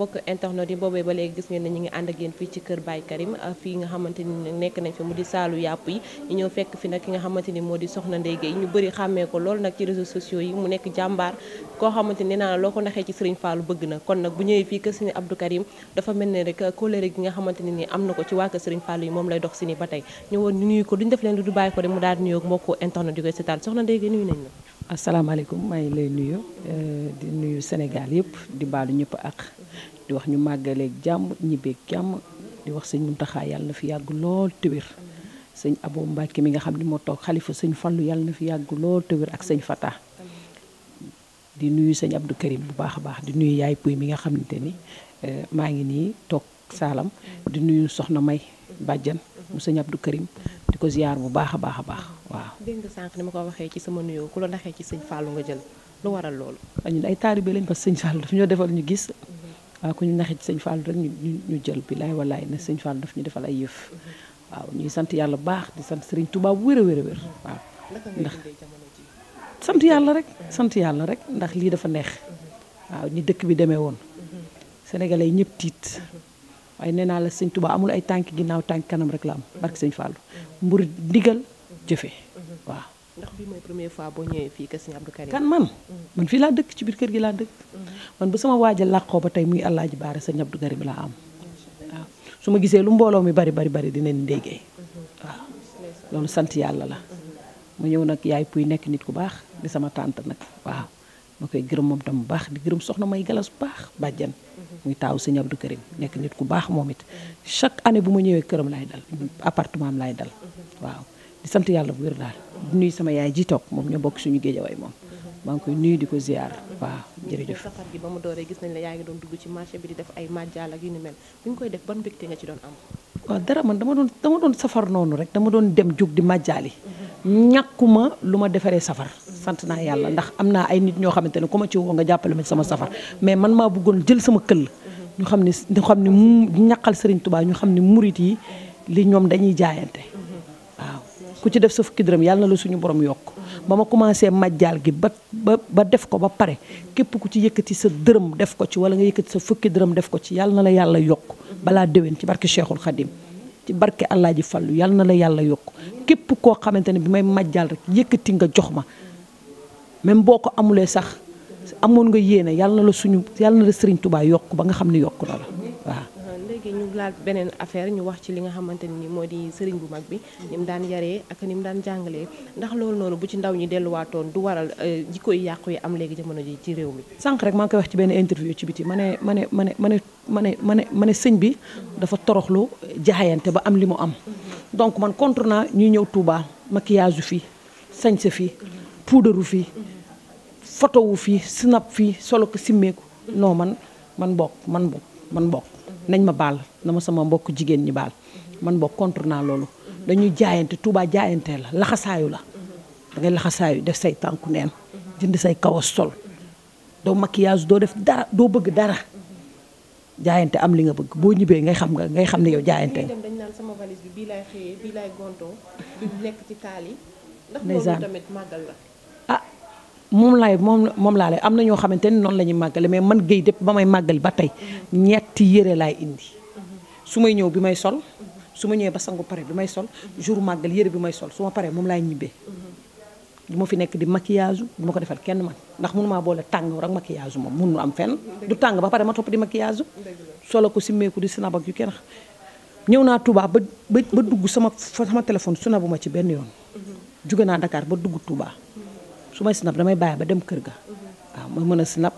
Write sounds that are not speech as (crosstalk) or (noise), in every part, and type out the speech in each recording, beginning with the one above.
mbokk internet yi boobee ba léegi gis ngeen ne ñu ngi ànd ak yéen fii ci kër Baye Karim euh, fii nga xamante ni nekk nañ fi mu di saalu yàpp yi ñu ñëw fi nag ki nga xamante ni moo di soxna Ndeye Gueye ñu bëri xàmmee ko lool nag ci réseaux sociaux yi mu nekk jàmbaar koo xamante ni nee naa loo ko naxee ci Serigne Fallou bëgg na kon nag bu ñëwee fii kër Serigne Abdou Karim dafa mel ne rek kóllëre gi nga xamante ni am na ko ci waa kër Serigne Fallou yi moom lay dox si ni ba tey ñu nuyu ko duñ def leen du bàyyi ko rek mu daal asalaamaaleykum maa ngi lay nuyu euh, di nuyu senegaal yëpp di baalu ñëpp ak di wax ñu màggaleek jàmm ñibbeeg jàmm di wax sëñ taxaa yàlla na fi yàgg lool te wér sëñ Abo Mbàkke mi nga xam ne moo toog xalifa sëñ Fallu yàlla na fi yàgg lool te ak sëñ Fata di nuyu sëñ Abdou Karim bu baax a baax di nuyu yaay puy mi nga xamante ni euh, maa ngi nii toog saalam di nuyu soxna May Bàjjan mu sëñ Abdou Karim di ko ziar bu baax a baax a baax waaw. dégg nga sànq ni ma ko waxee ci sama nuyoo ku la ndaxee ci sëñ Fallou nga jël lu waral loolu. ñun ay taalibe lañ parce que sëñ Fallou daf ñoo defal ñu gis. Mhm. waaw ku ñu naxee ci sëñ Fallou ñu ñu jël bi laay walaay ne sëñ Fallou daf ñu defal ay yëf. Mhm. waaw ñuy sant yàlla bu baax di sant Serigne Touba bu wér a wér a wér waaw. Mhm. ndax sant yàlla rek. sant yàlla rek ndax lii dafa neex. waaw ni dëkk bi demee woon. sénégalais ñëpp tiit. waaye nee naa la sëñ Touba amul ay tànk ginnaaw tànk kanam rek la am barke sañ Fallou mbur ndigal jëfe waaw. ndax bii mooy première fois boo ñëwee fii kër sëñ Abdou Karim kan man man fii laa dëkk ci biir kër gi laa dëkk man bu sama waaja làqoo ba tey muy Alaaji Baara du Abdou Karim laa am waaw su ma gisee lu mbooloo mi bari bari bari dinañ déggee waaw loolu sant yàlla la mu ñëw nag yaay puy nekk nit ku baax ni sama tante nag waaw ma koy gërëm moom tam bu baax di gërëm soxna may galas bu baax bàjjan mhm. muy taaw sëñ du Karim nekk nit ku baax moom it chaque année bu ma ñëwee këram laay dal appartement am laay dal mhm. waaw di sant yàlla bu wér daal di nuyu sama yaay ji toog moom ñoo bokk suñu géejawaay moom mhm. maa ngi di ko ziar waaw jërëjëf safar gi ba mu dooree gis nañ la yaa ngi doon dugg ci marché bi di def ay màjjaal ak yu ni mel bu ñu koy def ban mbégte nga ci doon am waaw dara man dama doon dama doon safar noonu rek dama doon dem jóg di màjjaali ñàkkuma lu ma defaree safar sant naa yàlla ndax am naa ay nit ñoo xamante ne ku ma ci woo nga jàppale ma ci sama safar mais man maa bëggoon jël sama këll ñu xam ne ñu xam ne ñaqal Serigne Touba ñu xam ne murit yi li ñoom dañuy jaayante waaw ku ci def sa fukki dërëm yàlla na la suñu borom yokk ba ma commencé majjaal gi ba ba ba def ko ba pare képp ku ci yëkkati sa dërëm def ko ci wala nga yëkkati sa fukki dërëm def ko ci yàlla na la yàlla yokk balaa déwén ci barke Cheikhul Khadim ci barke Allaaji Fallu yàlla na la yàlla yokk képp koo xamante ne bi may majjaal ma même boo ko amulee sax amoon nga yéene yàlla na la suñu yàlla na la Serigne Touba yokk ba nga xam ni yokk na la waaw. Euh, léegi ñu laal beneen affaire ñu wax ci li nga xamante ni moo di sëriñ bu mag bi ni mu daan yaree ak ni mu daan jàngalee ndax loolu noonu bu ci ndaw ñi delluwaatoon du waral euh, jikko yi yàqu yi am léegi jamono ji ci réew mi. sànq rek maa koy wax ci benn interview ci biti ma ne ma ne ma ne ma ne ma ne ma ne ma ne sëñ bi dafa toroxlu jaayante ba am li mu am donc man contre naa ñuy ñëw Touba maquillage fii sañse fii puudaru fii photo wu fii snap fii solo ko simmeeku noo man man bokk man bokk man bokk nañ ma baal na ma sama mbokk jigéen ñi baal man bokk contre naa loolu dañuy jaayante Touba jaayantee la laxasaayu la da laxasaayu def say tànku neen jënd say kawas sol doo maquillage doo def dara doo bëgg dara jaayante am li nga bëgg boo ñibbee ngay xam nga ngay xam ne yow jaayante dem dañ naan sama valise bi bii laay xëyee bii laay gontoo nekk ci taal yi ndax loolu tamit màggal la moom laay moom moom laa lay am na ñoo xamante ni noonu lañuy ñuy màggale mais man géey dépp ba may màggal ba tey ñetti yére laay indi su may ñëw bi may sol su ma ñëwee ba sangu pare bi may sol jour màggal yére bi may sol su ma paree moom laay ñibbee du ma fi nekk di maquillage du ma ko defal kenn man ndax mënu maa boole tàngoor ak maquillage moom mun nu am fenn du tàng ba pare ma topp di maquillage sola ko simmeeku di sinab ak yu kenn ñëw naa Touba ba ba dugg sama sama téléphone suna bu ma ci benn yoon jóge naa Dakar ba dugg Touba su may snap damay bàyyi ba dem kër ga mm-hmm. waaw ma mën a snap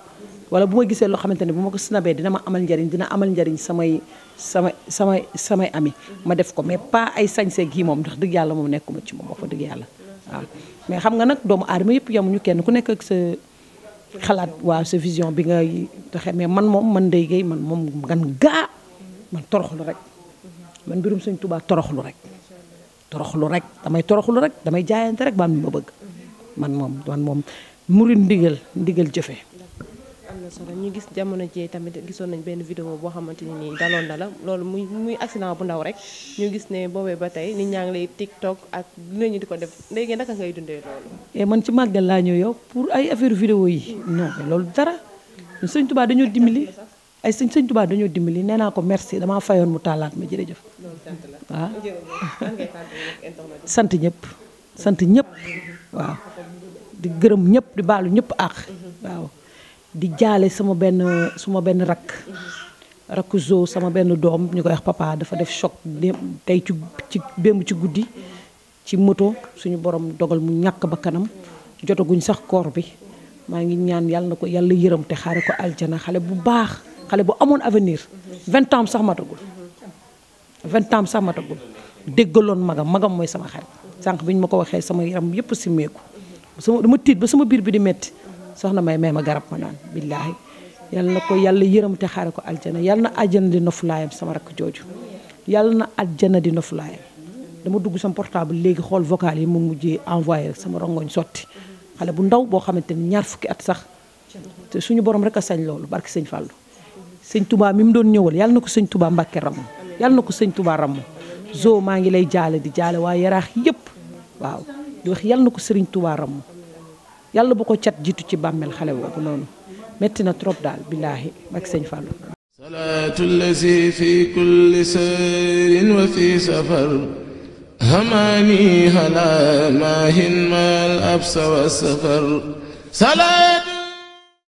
wala bu ma gisee loo xamante ne bu ma ko snapee dina ma amal njariñ dina amal njariñ samay samay samay samay ami mm-hmm. ma def ko mais pas ay sañse gii moom ndax dëgg yàlla moom nekkuma ci moom wax fa dëgg yàlla mais xam nga nag doomu yëpp yemuñu kenn ku nekk ak sa xalaat bi nga taxe mais man moom man day gay man moom ngan gaa man toroxlu rek mm-hmm. man mbirum Sëñ Tuubaa toroxlu rek toroxlu rek damay toroxlu rek damay jaayante rek ba am ma bëgg man moom man moom muri ndigal ndigal jëfe am na solo ñu gis jamono jee tamit gisoon nañ benn vidéo boo xamante ni nii daloon na la loolu muy muy accident bu ndaw rek ñu gis ne boobee ba tey nit ñaa ngi lay tiktok ak lu ñu di ko def léegi naka ngay dundee loolu. Eh, man ci màggal laa ñëw yow pour ay affaire vidéo yi. loolu dara. sëñ Tuubaa dañoo dimbali. sëñ sëñ Tuubaa dimbali nee naa ko merci damaa fayoon mu tàllaat ma jërëjëf. loolu sant la waaw. (laughs) sant ñëpp sant ñëpp waaw. di gërëm ñëpp di baalu ñëpp àq. Mhm. waaw di jaale sama benn suma benn rakk. Mhm. rakk zoo sama benn doom ñu koy wax papa dafa def choc tey ci ci bémb ci guddi. Mhm. ci moto suñu boroom dogal mu ñàkk ba kanam jotaguñ sax koor bi maa ngi ñaan yàlla na ko yàlla yërëm te xaare ko aljana xale bu baax xale bu amoon avenir. vingt ans sax matagul. vingt ans sax matagul déggaloon magam magam mooy sama xel sànq bi ñu ma ko waxee sama yaram yëpp simmeeku sama dama tiit ba sama biir bi di métti soxna may may ma garab ma naan billaahi yàlla na ko yàlla yërëm te xaare ko aljana yàlla na aljana di noflaayam sama rakk jooju yàlla na aljana di noflaayam dama dugg sama portable léegi xool vocal yi mu mujjee envoyé rek sama rongoñ sotti xale bu ndaw boo xamante ni ñaar fukki at sax te suñu borom rek a sañ loolu barki sëñ Fallou sëñ Touba mi mu doon ñëwal yàlla na ko sëñ Touba Mbàkke ramm yàlla na ko sëñ Touba ramm zoo maa ngi lay jaale di jaale waa yaraax yëpp waaw di wax yàlla na ko sëriñ Tuubaa yàlla bu ko cat jiitu ci bàmmeel xale boobu noonu metti na trop daal billaahi ak sëñ Fallou salaatu lazi fi kulli sayrin wa fi safar hamaani hala maahin maal absa wa safar